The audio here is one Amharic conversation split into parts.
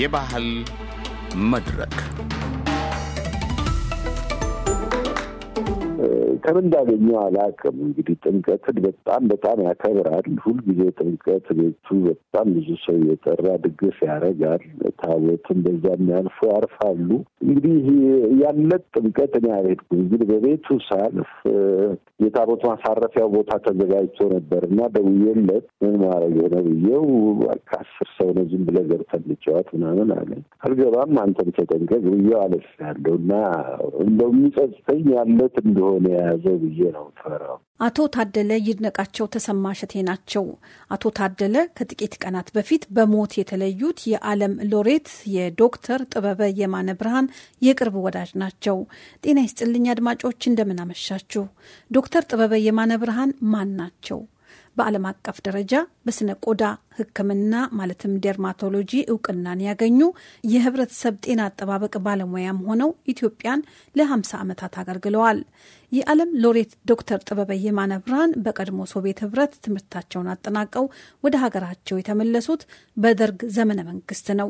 የባህል መድረክ ከምን እንዳገኘው አላውቅም። እንግዲህ ጥምቀትን በጣም በጣም ያከብራል። ሁልጊዜ ጥምቀት ቤቱ በጣም ብዙ ሰው የጠራ ድግስ ያደርጋል። ታቦትን በዛ ያልፎ ያርፋሉ። እንግዲህ ያለት ጥምቀት እኔ አልሄድኩም። እንግዲህ በቤቱ ሳልፍ የታቦት ማሳረፊያው ቦታ ተዘጋጅቶ ነበር እና ደውዬለት ምን ማድረግ ነው ብዬው ከአስር ሰው ነው ዝም ብለህ ገብተን ልጨዋት ምናምን አለ። አልገባም አንተም ተጠንቀቅ ብዬው አለፍ ያለው እና እንደው የሚጸጽተኝ ያለት እንደሆነ የያዘው ብዬ ነው ፈራው። አቶ ታደለ ይድነቃቸው ተሰማ ሸቴ ናቸው። አቶ ታደለ ከጥቂት ቀናት በፊት በሞት የተለዩት የዓለም ሎሬት የዶክተር ጥበበ የማነ ብርሃን የቅርብ ወዳጅ ናቸው። ጤና ይስጥልኝ አድማጮች፣ እንደምን አመሻችሁ። ዶክተር ጥበበ የማነ ብርሃን ማን ናቸው? በዓለም አቀፍ ደረጃ በስነ ቆዳ ሕክምና ማለትም ዴርማቶሎጂ እውቅናን ያገኙ የህብረተሰብ ጤና አጠባበቅ ባለሙያም ሆነው ኢትዮጵያን ለ50 ዓመታት አገልግለዋል። የዓለም ሎሬት ዶክተር ጥበበ የማነ ብርሃን በቀድሞ ሶቪየት ህብረት ትምህርታቸውን አጠናቀው ወደ ሀገራቸው የተመለሱት በደርግ ዘመነ መንግስት ነው።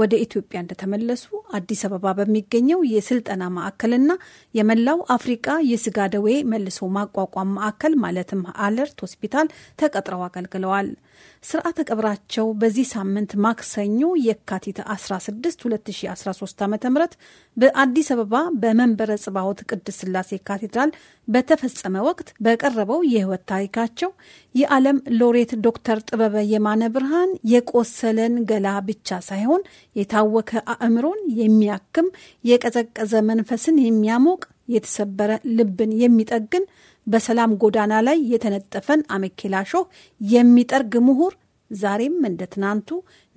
ወደ ኢትዮጵያ እንደተመለሱ አዲስ አበባ በሚገኘው የስልጠና ማዕከልና የመላው አፍሪቃ የስጋ ደዌ መልሶ ማቋቋም ማዕከል ማለትም አለርት ሆስፒታል ተቀጥረው አገልግለዋል። ስርዓተ ቀብራቸው በዚህ ሳምንት ማክሰኞ የካቲት 16 2013 ዓ ም በአዲስ አበባ በመንበረ ጽባዖት ቅድስት ስላሴ ካቴድራል በተፈጸመ ወቅት በቀረበው የህይወት ታሪካቸው የዓለም ሎሬት ዶክተር ጥበበ የማነ ብርሃን የቆሰለን ገላ ብቻ ሳይሆን የታወከ አእምሮን የሚያክም የቀዘቀዘ መንፈስን የሚያሞቅ የተሰበረ ልብን የሚጠግን በሰላም ጎዳና ላይ የተነጠፈን ሾህ የሚጠርግ ምሁር ዛሬም እንደ ትናንቱ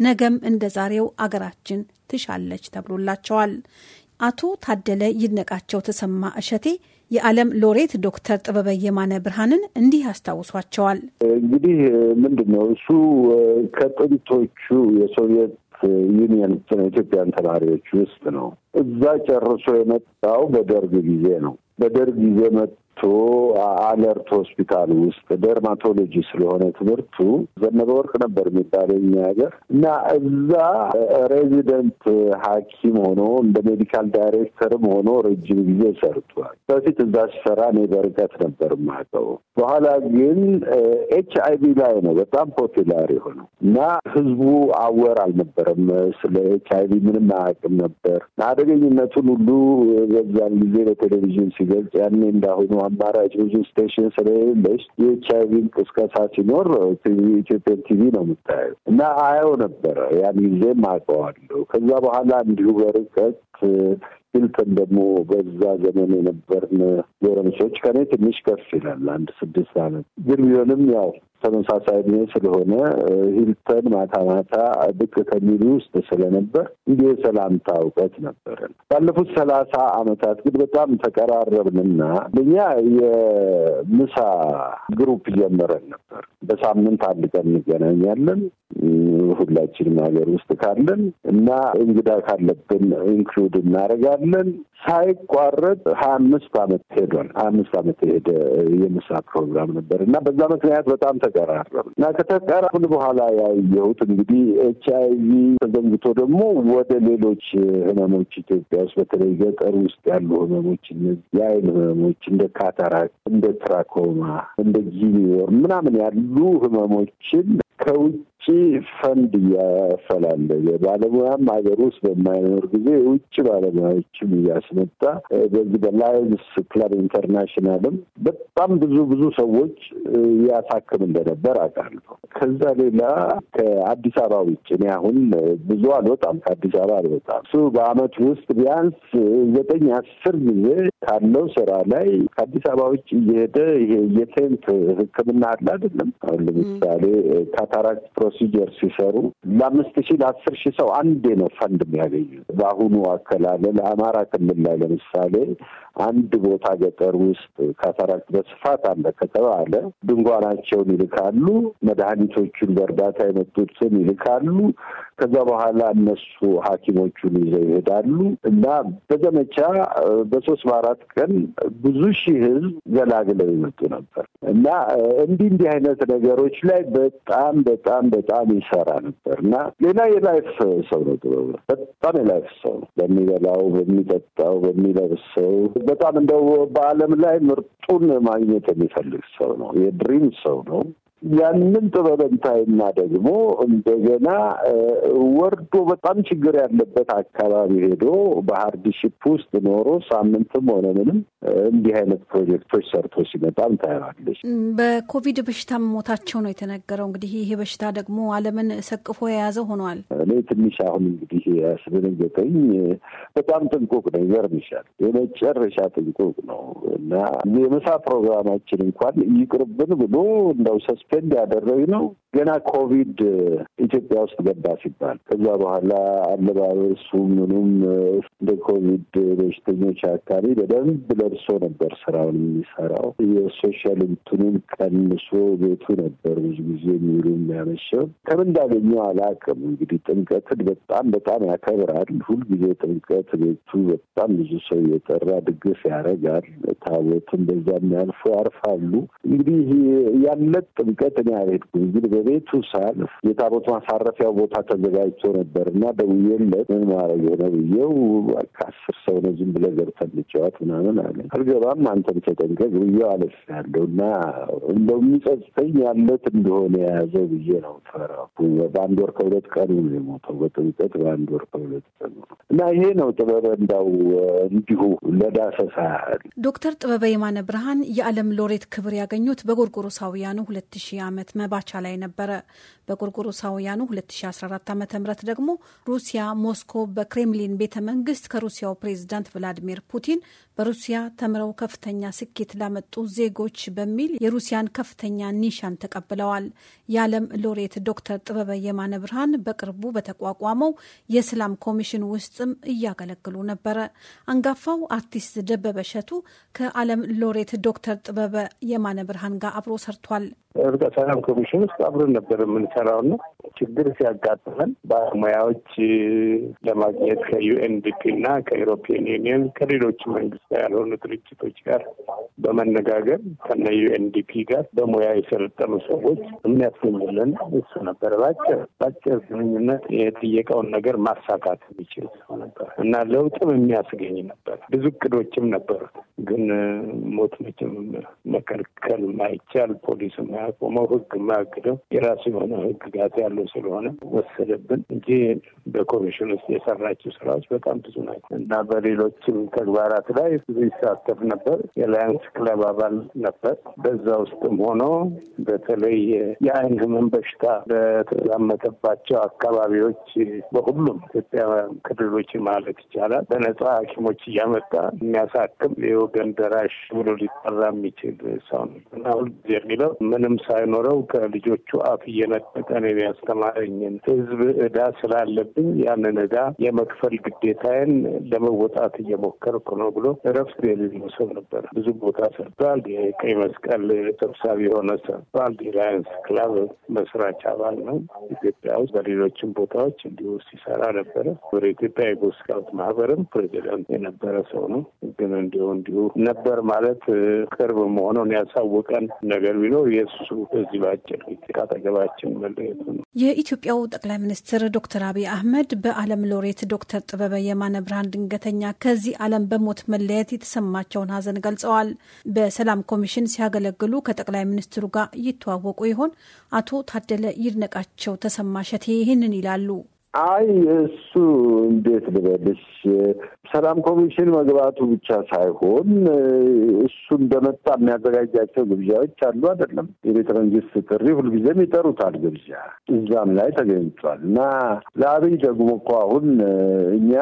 ነገም እንደ ዛሬው አገራችን ትሻለች ተብሎላቸዋል። አቶ ታደለ ይድነቃቸው ተሰማ እሸቴ የዓለም ሎሬት ዶክተር ጥበበ የማነ ብርሃንን እንዲህ ያስታውሷቸዋል። እንግዲህ ምንድን ነው እሱ ከጥንቶቹ የሶቪየት ዩኒየን ኢትዮጵያን ተማሪዎች ውስጥ ነው። እዛ ጨርሶ የመጣው በደርግ ጊዜ ነው። በደርግ ጊዜ መጥ ትምህርቱ አለርት ሆስፒታል ውስጥ ደርማቶሎጂ ስለሆነ ትምህርቱ ዘነበ ወርቅ ነበር የሚባለው እኛ ሀገር እና እዛ ሬዚደንት ሐኪም ሆኖ እንደ ሜዲካል ዳይሬክተርም ሆኖ ረጅም ጊዜ ሰርቷል። በፊት እዛ ሲሰራ እኔ በርቀት ነበር ማቀው። በኋላ ግን ኤች አይ ቪ ላይ ነው በጣም ፖፑላር የሆነው እና ህዝቡ አወር አልነበረም ስለ ኤች አይ ቪ ምንም አያውቅም ነበር። አደገኝነቱን ሁሉ በዛን ጊዜ በቴሌቪዥን ሲገልጽ ያኔ እንዳሁኑ አማራጭ ብዙ ስቴሽን ስለሌለሽ የኤች አይቪ ቅስቀሳ ሲኖር ኢትዮጵያን ቲቪ ነው የምታየው እና አየው ነበረ። ያን ጊዜም አውቀዋለሁ። ከዛ በኋላ እንዲሁ በርቀት ሂልተን ደግሞ በዛ ዘመን የነበርን ጎረምሶች ከኔ ትንሽ ከፍ ይላል፣ አንድ ስድስት ዓመት ግን ቢሆንም ያው ተመሳሳይ ድ ስለሆነ ሂልተን ማታ ማታ ብቅ ከሚሉ ውስጥ ስለነበር እንዲ የሰላምታ እውቀት ነበረን። ባለፉት ሰላሳ አመታት ግን በጣም ተቀራረብንና እኛ የምሳ ግሩፕ ጀመረን ነበር። በሳምንት አንድ ቀን እንገናኛለን ሁላችንም ሀገር ውስጥ ካለን እና እንግዳ ካለብን ኢንክሉድ እናደርጋለን። ሳይቋረጥ ሀያ አምስት አመት ሄዷል። ሀያ አምስት አመት የሄደ የምሳ ፕሮግራም ነበር እና በዛ ምክንያት በጣም ተቀራረብ እና ከተቀራረብን በኋላ ያየሁት እንግዲህ ኤች አይቪ ተዘንግቶ ደግሞ ወደ ሌሎች ህመሞች ኢትዮጵያ ውስጥ በተለይ ገጠር ውስጥ ያሉ ህመሞች የአይን ህመሞች እንደ ካታራክ፣ እንደ ትራኮማ፣ እንደ ጂኒዮር ምናምን ያሉ ህመሞችን ከውጭ ፈንድ እያፈላለ ባለሙያም ሀገር ውስጥ በማይኖር ጊዜ የውጭ ባለሙያዎችም እያስመጣ በዚህ በላይንስ ክለብ ኢንተርናሽናልም በጣም ብዙ ብዙ ሰዎች እያሳክም እንደነበር አውቃለሁ። ከዛ ሌላ ከአዲስ አበባ ውጭ እኔ አሁን ብዙ አልወጣም፣ ከአዲስ አበባ አልወጣም። እሱ በአመት ውስጥ ቢያንስ ዘጠኝ አስር ጊዜ ካለው ስራ ላይ ከአዲስ አበባ ውጭ እየሄደ ይሄ የቴንት ህክምና አለ አይደለም አሁን ለምሳሌ ካታራክት ፕሮሲጀር ሲሰሩ ለአምስት ሺህ ለአስር ሺህ ሰው አንዴ ነው ፈንድ የሚያገኙ። በአሁኑ አከላለል አማራ ክልል ላይ ለምሳሌ አንድ ቦታ ገጠር ውስጥ ካታራክት በስፋት አለ ከተባለ ድንኳናቸውን ይልካሉ፣ መድኃኒቶቹን በእርዳታ የመጡትን ይልካሉ። ከዛ በኋላ እነሱ ሐኪሞቹን ይዘው ይሄዳሉ እና በዘመቻ በሶስት በአራት ቀን ብዙ ሺህ ህዝብ ገላግለው ይመጡ ነበር እና እንዲህ እንዲህ አይነት ነገሮች ላይ በጣም በጣም በጣም ይሰራ ነበር እና ሌላ የላይፍ ሰው ነው። ጥበብ በጣም የላይፍ ሰው ነው። በሚበላው፣ በሚጠጣው፣ በሚለብሰው በጣም እንደው በዓለም ላይ ምርጡን ማግኘት የሚፈልግ ሰው ነው። የድሪም ሰው ነው። ያንን ጥበበንታይና ደግሞ እንደገና ወርዶ በጣም ችግር ያለበት አካባቢ ሄዶ በሀርድሽፕ ውስጥ ኖሮ ሳምንትም ሆነ ምንም እንዲህ አይነት ፕሮጀክቶች ሰርቶ ሲመጣም ታያለች። በኮቪድ በሽታ መሞታቸው ነው የተነገረው። እንግዲህ ይሄ በሽታ ደግሞ ዓለምን ሰቅፎ የያዘ ሆኗል። እኔ ትንሽ አሁን እንግዲህ ያስደነገጠኝ በጣም ጥንቁቅ ነው። ይገርምሻል፣ የመጨረሻ ጥንቁቅ ነው እና የምሳ ፕሮግራማችን እንኳን ይቅርብን ብሎ እንዳው ሰስ ኤክስቴንድ ያደረግነው ገና ኮቪድ ኢትዮጵያ ውስጥ ገባ ሲባል ከዛ በኋላ አለባበሱ ምኑም እንደ ኮቪድ በሽተኞች አካባቢ በደንብ ለብሶ ነበር ስራውን የሚሰራው። የሶሻል እንትኑን ቀንሶ ቤቱ ነበር ብዙ ጊዜ የሚውሉ የሚያመሸው። ከምን እንዳገኘው አላውቅም። እንግዲህ ጥምቀትን በጣም በጣም ያከብራል። ሁልጊዜ ጥምቀት ቤቱ በጣም ብዙ ሰው እየጠራ ድግስ ያደርጋል። ታቦትን በዛ የሚያልፉ ያርፋሉ። እንግዲህ ያለት ጥምቀት ጥምቀት እኔ አልሄድኩም። ግን በቤቱ ሳልፍ የታቦት ማሳረፊያው ቦታ ተዘጋጅቶ ነበር እና ደውዬለት ምን ማድረግ የሆነ ብዬው አስር ሰው ነው ዝም ብለህ ገብተህ እንጫወት ምናምን አለ። አልገባም አንተም ተጠንቀቅ ብዬው አለፍ ያለው እና እንደሚጸጽተኝ ያለት እንደሆነ የያዘው ብዬ ነው ፈራሁ። በአንድ ወር ከሁለት ቀኑ ነው የሞተው በጥምቀት በአንድ ወር ከሁለት ቀኑ እና ይሄ ነው ጥበበ እንዳው እንዲሁ ለዳሰሳ ዶክተር ጥበበ የማነ ብርሃን የዓለም ሎሬት ክብር ያገኙት በጎርጎሮሳውያኑ ሁለት 2000 ዓመት መባቻ ላይ ነበረ። በጎርጎሮሳውያኑ 2014 ዓ ም ደግሞ ሩሲያ ሞስኮ በክሬምሊን ቤተ መንግስት ከሩሲያው ፕሬዝዳንት ቭላዲሚር ፑቲን በሩሲያ ተምረው ከፍተኛ ስኬት ላመጡ ዜጎች በሚል የሩሲያን ከፍተኛ ኒሻን ተቀብለዋል። የዓለም ሎሬት ዶክተር ጥበበ የማነ ብርሃን በቅርቡ በተቋቋመው የሰላም ኮሚሽን ውስጥም እያገለግሉ ነበረ። አንጋፋው አርቲስት ደበበ እሸቱ ከዓለም ሎሬት ዶክተር ጥበበ የማነ ብርሃን ጋር አብሮ ሰርቷል። ከኢትዮጵያ ሰላም ኮሚሽን ውስጥ አብረን ነበር የምንሰራው ነው። ችግር ሲያጋጥመን ባለሙያዎች ለማግኘት ከዩኤንዲፒ እና ከኢሮፒያን ዩኒየን ከሌሎች መንግስት ያልሆኑ ድርጅቶች ጋር በመነጋገር ከነ ዩኤንዲፒ ጋር በሙያ የሰለጠኑ ሰዎች የሚያስገኝልን እሱ ነበር። በአጭር በአጭር ግንኙነት የጠየቀውን ነገር ማሳካት የሚችል ሰው ነበር እና ለውጥም የሚያስገኝ ነበር። ብዙ እቅዶችም ነበሩት። ግን ሞት መቼም መከልከል ማይቻል ፖሊስ ማያቆ የሚያስቆመው ህግ የማያግደው የራሱ የሆነ ጋት ያለው ስለሆነ ወሰደብን እንጂ በኮሚሽን ውስጥ የሰራችው ስራዎች በጣም ብዙ ናቸው እና በሌሎችም ተግባራት ላይ ብዙ ይሳተፍ ነበር። የላያንስ ክለብ አባል ነበር። በዛ ውስጥም ሆኖ በተለይ የአይን ህመም በሽታ በተዛመተባቸው አካባቢዎች በሁሉም ኢትዮጵያ ክልሎች ማለት ይቻላል በነጻ ሐኪሞች እያመጣ የሚያሳክም የወገን ደራሽ ብሎ ሊጠራ የሚችል ሰው ነው እና ሁልጊዜ የሚለው ምንም ሳ ሳይኖረው ከልጆቹ አፍ እየነጠቀ ነው ያስተማረኝን ህዝብ እዳ ስላለብኝ ያንን እዳ የመክፈል ግዴታዬን ለመወጣት እየሞከርኩ ነው ብሎ እረፍት የሌለው ሰው ነበር። ብዙ ቦታ ሰርቷል። የቀይ መስቀል ሰብሳቢ የሆነ ሰርቷል። ላየንስ ክላብ መስራች አባል ነው። ኢትዮጵያ ውስጥ በሌሎችም ቦታዎች እንዲሁ ሲሰራ ነበረ። ወደ ኢትዮጵያ የጎስካውት ማህበርም ፕሬዚደንት የነበረ ሰው ነው። ግን እንዲሁ እንዲሁ ነበር ማለት ቅርብ መሆኑን ያሳወቀን ነገር ቢኖር የእሱ እዚህ በአጭር ጊዜ አጠገባችን መለየቱ ነው። የኢትዮጵያው ጠቅላይ ሚኒስትር ዶክተር አብይ አህመድ በዓለም ሎሬት ዶክተር ጥበበ የማነ ብርሃን ድንገተኛ ከዚህ ዓለም በሞት መለየት የተሰማቸውን ሀዘን ገልጸዋል። በሰላም ኮሚሽን ሲያገለግሉ ከጠቅላይ ሚኒስትሩ ጋር ይተዋወቁ ይሆን? አቶ ታደለ ይድነቃቸው ተሰማ ሸቴ ይህንን ይላሉ። አይ እሱ እንዴት ልበልሽ፣ ሰላም ኮሚሽን መግባቱ ብቻ ሳይሆን እሱ እንደመጣ የሚያዘጋጃቸው ግብዣዎች አሉ አይደለም። የቤተ መንግስት ጥሪ ሁልጊዜም ይጠሩታል ግብዣ፣ እዛም ላይ ተገኝቷል። እና ለአብይ ደግሞ እኮ አሁን እኛ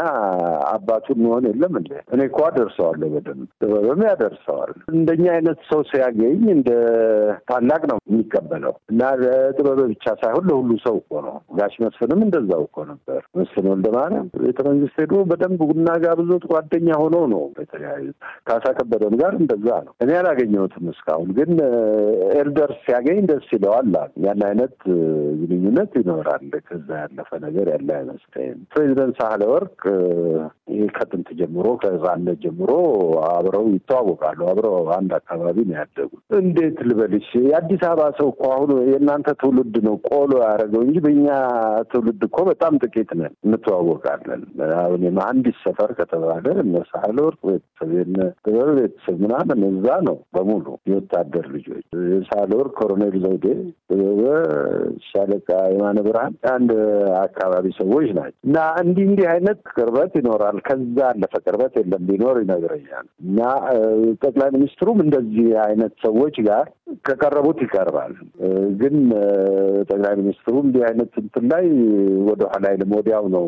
አባቱ መሆን የለም እንደ እኔ እኮ አደርሰዋለሁ፣ በደንብ ጥበብም ያደርሰዋል። እንደኛ አይነት ሰው ሲያገኝ እንደ ታላቅ ነው የሚቀበለው እና ለጥበብ ብቻ ሳይሆን ለሁሉ ሰው እኮ ነው። ጋሽ መስፍንም እንደዛው እኮ ነበር። ምስል ወልደ ማርያም ቤተ መንግስት ሄዶ በደንብ ቡና ጋብዞት ጓደኛ ሆኖ ነው የተለያዩት። ካሳ ከበደም ጋር እንደዛ ነው። እኔ አላገኘሁትም እስካሁን፣ ግን ኤልደር ሲያገኝ ደስ ይለዋል። ያን አይነት ግንኙነት ይኖራል። ከዛ ያለፈ ነገር ያለ አይመስለኝም። ፕሬዚደንት ሳህለ ወርቅ ይህ ከጥንት ጀምሮ ከዛነት ጀምሮ አብረው ይተዋወቃሉ። አብረው አንድ አካባቢ ነው ያደጉ። እንዴት ልበልሽ የአዲስ አበባ ሰው እኮ አሁን የእናንተ ትውልድ ነው ቆሎ ያደረገው እንጂ በእኛ ትውልድ እኮ በጣም በጣም ጥቂት ነን፣ እንተዋወቃለን። አሁን አንዲት ሰፈር ከተባለ እነ ሳህለወርቅ ቤተሰብ ጥበብ ቤተሰብ ምናምን እዛ ነው በሙሉ የወታደር ልጆች። ሳህለወርቅ ኮሮኔል ዘውዴ፣ ጥበበ ሻለቃ የማነ ብርሃን አንድ አካባቢ ሰዎች ናቸው እና እንዲህ እንዲህ አይነት ቅርበት ይኖራል። ከዛ አለፈ ቅርበት የለም። ቢኖር ይነግረኛል። እና ጠቅላይ ሚኒስትሩም እንደዚህ አይነት ሰዎች ጋር ከቀረቡት ይቀርባል። ግን ጠቅላይ ሚኒስትሩ እንዲህ አይነት እንትን ላይ ወደ ላይ ወዲያው ነው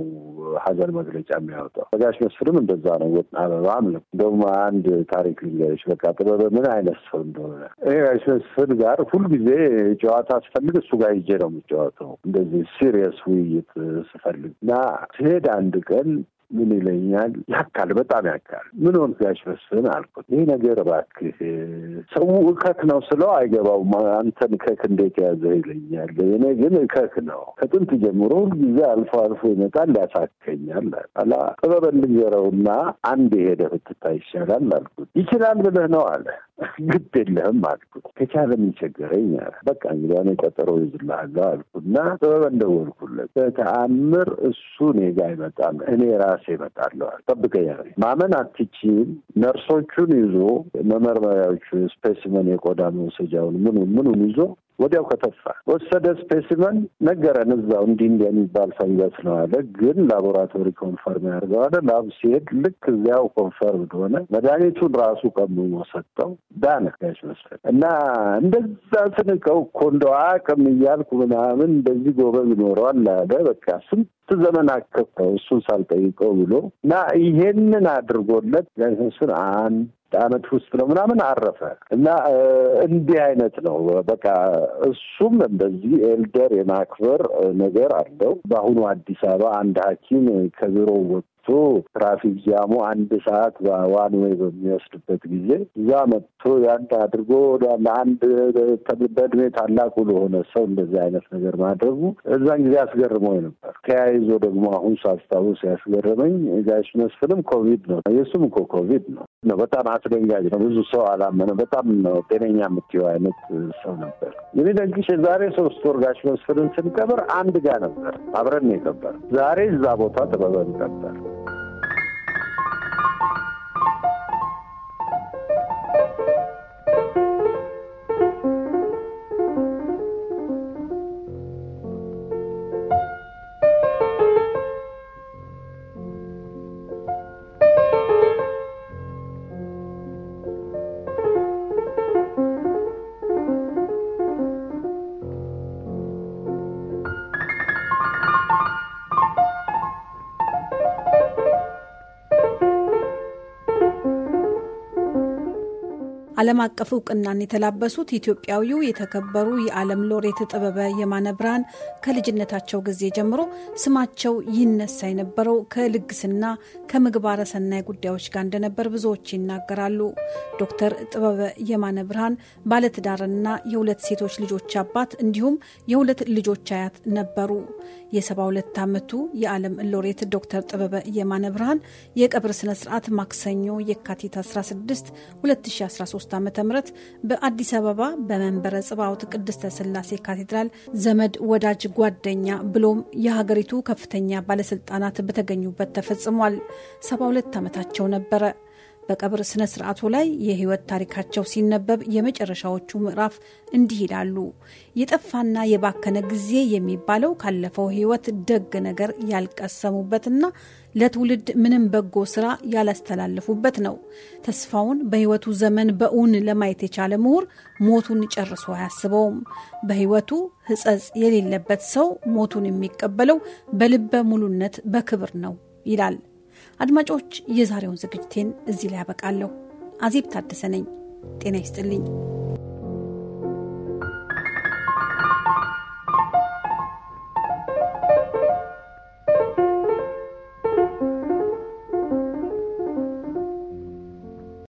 ሀዘን መግለጫ የሚያወጣው። በጋሽ መስፍንም እንደዛ ነው። ወጥ አበባም ነው። እንደውም አንድ ታሪክ ልንገርሽ። በቃ ጥበበ ምን አይነት ሰው እንደሆነ እኔ ጋሽ መስፍን ጋር ሁልጊዜ ጨዋታ ስፈልግ እሱ ጋር ይጀ ነው የምጫወተው። እንደዚህ ሲሪየስ ውይይት ስፈልግ እና ስሄድ አንድ ቀን ምን ይለኛል? ያካል በጣም ያካል። ምን ሆን ጋሽ መስፍን አልኩት። ይህ ነገር እባክህ ሰው እከክ ነው ስለው አይገባውም። አንተን እከክ እንዴት ያዘ ይለኛል። እኔ ግን እከክ ነው ከጥንት ጀምሮ ሁልጊዜ አልፎ አልፎ ይመጣል፣ ሊያሳከኛል። አላ ጥበበን ልንገረውና አንድ ሄደ ብትታይ ይሻላል አልኩት። ይችላል ብለህ ነው አለ ግድ የለህም አልኩት። ከቻለ ምን ቸገረኝ አለ። በቃ እንግዲህ እኔ ቀጠሮ ይዝልሃለሁ አልኩና ጥበብ እንደወልኩለት በተአምር እሱ እኔ ጋ አይመጣም፣ እኔ ራሴ እመጣለሁ አለ። ጠብቀኝ ማመን አትችይም። ነርሶቹን ይዞ መመርመሪያዎቹ ስፔሲመን የቆዳ መውሰጃውን ምኑን ምኑን ይዞ ወዲያው ከተፋ ወሰደ ስፔሲመን ነገረን። እዛው እንዲህ እንዲህ የሚባል ፈንገስ ነው አለ። ግን ላቦራቶሪ ኮንፈርም ያደርገው አለ። ላብ ሲሄድ ልክ እዚያው ኮንፈርም እንደሆነ መድኃኒቱን ራሱ ቀምሞ ሰጠው። ዳነ ጋሽ መስፍን እና እንደዛ ስንቀው እኮ እንደው አቅም እያልኩ ምናምን እንደዚህ ጎበዝ ይኖረዋል አለ። በቃ ስንት ዘመን አከፍተው እሱን ሳልጠይቀው ብሎ እና ይሄንን አድርጎለት ጋሽ መስፍን አንድ አመት ውስጥ ነው ምናምን አረፈ እና እንዲህ አይነት ነው በቃ እሱም እንደዚህ ኤልደር የማክበር ነገር አለው። በአሁኑ አዲስ አበባ አንድ ሐኪም ከቢሮ ወጥቶ ትራፊክ ጃሙ አንድ ሰዓት ዋን ዌይ በሚወስድበት ጊዜ እዛ መጥቶ ያን አድርጎ ለአንድ በእድሜ ታላቁ ለሆነ ሰው እንደዚህ አይነት ነገር ማድረጉ እዛን ጊዜ አስገርመኝ ነበር። ተያይዞ ደግሞ አሁን ሳስታውስ ያስገረመኝ ጋሽ መስፍንም ኮቪድ ነው የእሱም እኮ ኮቪድ ነው ነው። በጣም አስደንጋጭ ነው። ብዙ ሰው አላመነም። በጣም ነው ጤነኛ የምትየው አይነት ሰው ነበር። የሚደንቅሽ የዛሬ ሶስት ወር ጋሽ መስፍንን ስንቀብር አንድ ጋ ነበር አብረን የቀበር ዛሬ እዛ ቦታ ጥበበን ቀበር ዓለም አቀፍ እውቅናን የተላበሱት ኢትዮጵያዊው የተከበሩ የዓለም ሎሬት ጥበበ የማነ ብርሃን ከልጅነታቸው ጊዜ ጀምሮ ስማቸው ይነሳ የነበረው ከልግስና ከምግባረ ሰናይ ጉዳዮች ጋር እንደነበር ብዙዎች ይናገራሉ። ዶክተር ጥበበ የማነ ብርሃን ባለትዳርና የሁለት ሴቶች ልጆች አባት እንዲሁም የሁለት ልጆች አያት ነበሩ። የሰባ ሁለት ዓመቱ የዓለም ሎሬት ዶክተር ጥበበ የማነ ብርሃን የቀብር ስነስርዓት ማክሰኞ የካቲት 16 2013 ዓ ም በአዲስ አበባ በመንበረ ጽባውት ቅድስተ ስላሴ ካቴድራል ዘመድ ወዳጅ፣ ጓደኛ ብሎም የሀገሪቱ ከፍተኛ ባለስልጣናት በተገኙበት ተፈጽሟል። 72 ዓመታቸው ነበረ። በቀብር ስነ ስርዓቱ ላይ የህይወት ታሪካቸው ሲነበብ የመጨረሻዎቹ ምዕራፍ እንዲህ ይላሉ። የጠፋና የባከነ ጊዜ የሚባለው ካለፈው ህይወት ደግ ነገር ያልቀሰሙበትና ለትውልድ ምንም በጎ ስራ ያላስተላለፉበት ነው። ተስፋውን በህይወቱ ዘመን በእውን ለማየት የቻለ ምሁር ሞቱን ጨርሶ አያስበውም። በሕይወቱ ህጸጽ የሌለበት ሰው ሞቱን የሚቀበለው በልበ ሙሉነት በክብር ነው ይላል። አድማጮች፣ የዛሬውን ዝግጅቴን እዚህ ላይ ያበቃለሁ። አዜብ ታደሰ ነኝ። ጤና ይስጥልኝ።